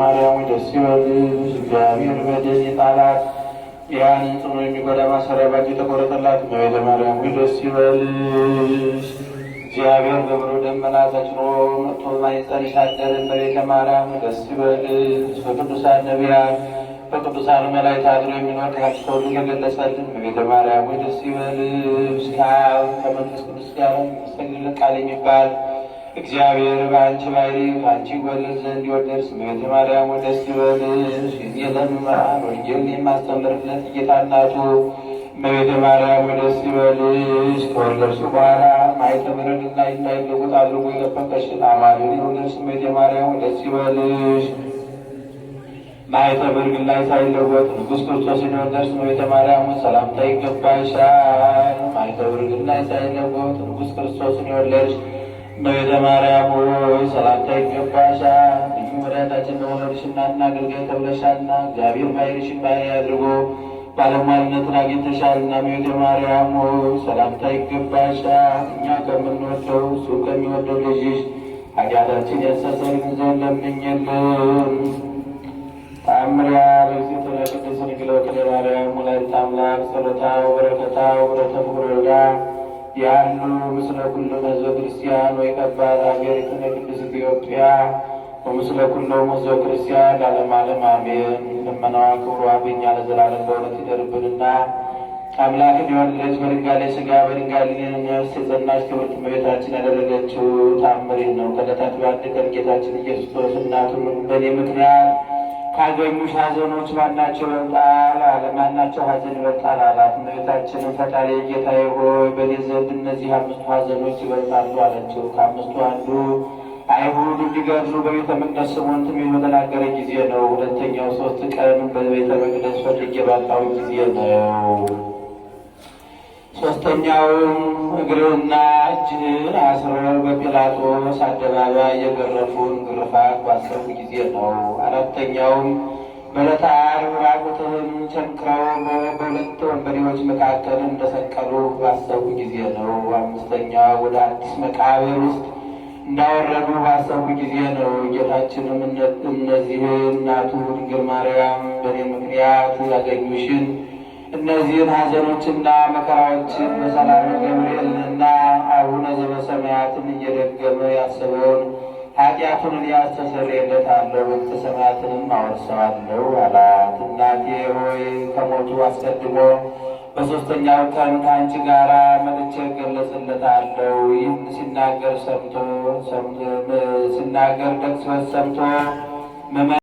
ማርያም ደስ ይበልሽ፣ እግዚአብሔር በደል ይጣላት። ያንን ጽኑ የሚጎዳ ማሰሪያ ባጅ የተቆረጠላት እመቤተ ማርያም ደስ ይበልሽ። እግዚአብሔር በብሩ ደመና ተጭኖ መጥቶ ማኅፀንሽ አደረ። እመቤተ ማርያም ደስ ይበልሽ። በቅዱሳን ነቢያት በቅዱሳን መላእክት አድሮ የሚኖር ከአንቺ ተወልዶ የገለጸልን እመቤተ ማርያም ደስ ይበልሽ። ከአብ ከመንፈስ ቅዱስ ጋር የሚመሰግንልን ቃል የሚባል እግዚአብሔር በአንቺ ባይል ከአንቺ ጎልል ዘንድ ይወደድ። ስሜት ማርያም ወደስ ይበልሽ። የዘምመሃን ወንጌል የማስተምርለት ጌታ እናቱ እመቤተ ማርያም ደስ ይበልሽ። ከወለድሽ በኋላ ማይተምረን ማኅተምሽንና እንዳይለወጥ አድርጎ የጠበቀሽን አማኑኤል የሆነሽ እመቤተ ማርያም ደስ ይበልሽ። ማኅተምሽ ግን ላይ ሳይለወጥ ንጉሥ ክርስቶስን የወለድሽ እመቤተ ማርያም ሰላምታ ይገባሻል። ማኅተምሽ ግን ላይ ሳይለወጥ ንጉሥ ክርስቶስ የወለድሽ በቤተ ማርያም ሆይ ሰላምታ ይገባሻል። ልዩ መድኃኒታችን በመውለድሽና እና አገልጋይ ተብለሻልና እግዚአብሔር ባይርሽን ባሕርይ አድርጎ ባለሟልነትን አግኝተሻልና ቤተ ማርያም ሆይ ሰላምታ ይገባሻል። እኛ ከምንወደው እሱ ከሚወደው ልጅሽ ኃጢአታችን ያስተሰርይልን ዘንድ ለምኝልን። ተአምራ ለእግዝእትነ ቅድስት ድንግል ወለተ ማርያም ወላዲተ አምላክ ጸሎታ ወበረከታ ወበረከት ያሉ ምስለ ኩሎ ህዝበ ክርስቲያን ወይ ከባድ ሀገር ክነ ኢትዮጵያ በምስለ ኩሎ ህዝበ ክርስቲያን ለዓለም ዓለም አሜን። ልመናዋ ክብሯ በኛ ለዘላለም በእውነት ይደርብንና አምላክን የወለደች በድንጋሌ ስጋ በድንጋሌ ነፍስ የጸናች ትምህርት እመቤታችን ያደረገችው ታምሬ ነው። ከዕለታት በአንድ ቀን ጌታችን ኢየሱስ ክርስቶስ እናቱ በእኔ ምክንያት ካገኙ ሐዘኖች ማናቸው ይበልጣል አለ። ማናቸው ሐዘን ይበልጣል አላት። እመቤታችንም ፈጣሪ ጌታዬ ሆይ በእኔ ዘንድ እነዚህ አምስቱ ሐዘኖች ይበልጣሉ አለችው። ከአምስቱ አንዱ አይሁድ እንዲገድሉ በቤተ መቅደስ ስምዖን ትንቢት በተናገረ ጊዜ ነው። ሁለተኛው ሶስት ቀን በቤተ መቅደስ ፈልጌ ባጣሁ ጊዜ ነው። ሶስተኛውም እግርና እጅ አስረው ጲላጦስ አደባባይ የገረፉን ግርፋት ባሰቡ ጊዜ ነው። አራተኛውም በዕለተ ዓርብ ራቁትህን ቸንክረው በሁለት ወንበዴዎች መካከል እንደሰቀሉ ባሰቡ ጊዜ ነው። አምስተኛው ወደ አዲስ መቃብር ውስጥ እንዳወረዱ ባሰቡ ጊዜ ነው። ጌታችንም እነዚህ እናቱ ድንግል ማርያም በእኔ ምክንያት ያገኙሽን እነዚህን ሀዘኖችና መከራዎችን በሰላም ኃጢአቱን እኔ አስተሰርይለታለሁ መንግሥተ ሰማያትንም አወርሰዋለሁ አላት። እናቴ ሆይ ከሞቱ አስቀድሞ በሦስተኛው ቀን ከአንቺ ጋር መጥቼ እገለጽለታለሁ። ይህን ሲናገር ሰምቶ ሲናገር ደቅስበት ሰምቶ